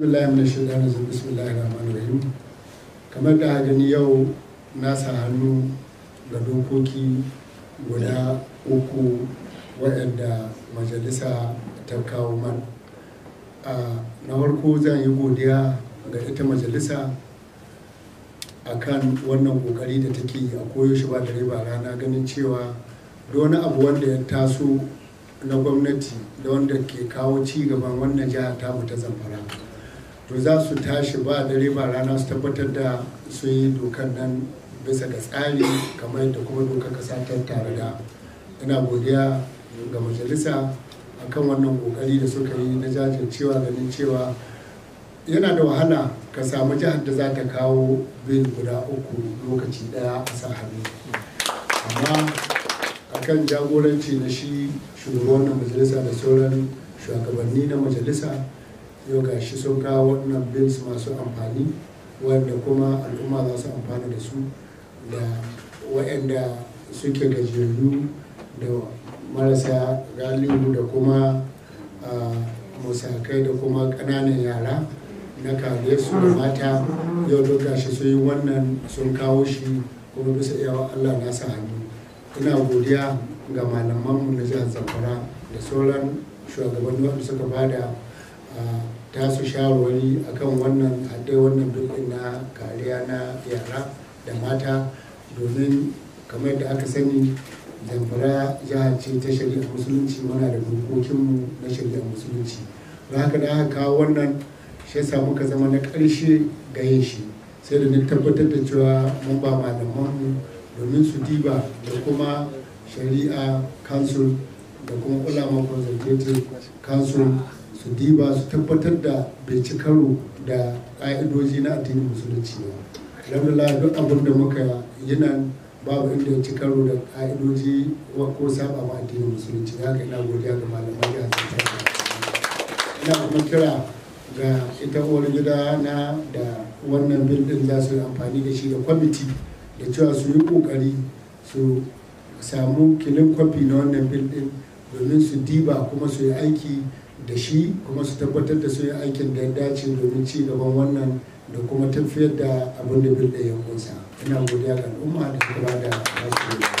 Bismillah kamar da gani yau na sa hannu ga dokoki guda uku waɗanda majalisa ta kawo man na farko zan yi godiya ga ita majalisa akan wannan kokari da take yi a koyaushe ba da riba rana ganin cewa da wani abu wanda ya taso na gwamnati da wanda ke kawo ci gaban wannan jihar tamu ta zamfara to za su tashi ba dare ba rana su tabbatar da su yi dokar nan bisa ga tsari kamar da kuma dokar kasa ta tare da ina godiya ga majalisa akan wannan kokari da suka yi na jajircewa ganin cewa yana da wahala ka samu jihar da za ta kawo bil guda uku lokaci daya a sa hannu amma akan jagoranci na shi shugaban majalisa da sauran shugabanni na majalisa yau ga shi sun kawo wannan bins masu amfani wanda kuma al'umma za su amfana da su da waɗanda suke gajiyayyu da marasa galibu da kuma musakai da kuma ƙananan yara na kare su da mata yau duk gashi sun yi wannan sun kawo shi kuma bisa iyawa allah na sa hannu ina godiya ga malamanmu na jihar zamfara da sauran shugabanni wanda suka bada Ta tasu shawarwari kan wannan haɗe wannan dukkan na kariya na yara da mata domin kamar da aka sani zamfara ya ce ta shari'a musulunci mana da dokokinmu na sharia musulunci ba haka da aka kawo wannan shi yasa muka zama na ƙarshe ga yin shi sai da na tabbatar da cewa mun ba malamanmu domin su diba da kuma shari'a council da kuma ulama consultative council su diba su tabbatar da bai ci karo da ƙa'idoji na addinin musulunci ba alhamdulillah duk abin da muka yana babu inda ya ci karo da ƙa'idoji ko saba ma addinin musulunci ya ga ina godiya ga malamai ya zanta ina kuma kira ga ita uwar gida na da wannan bildin za su amfani da shi da kwamiti da cewa su yi kokari su samu kilin kwafi na wannan bil domin su diba kuma su yi aiki da shi kuma su tabbatar da su yi aikin da ya dace domin ci gaban wannan da kuma tafiyar da abin da bil da yankunsa ina godiya ga al'umma da suka bada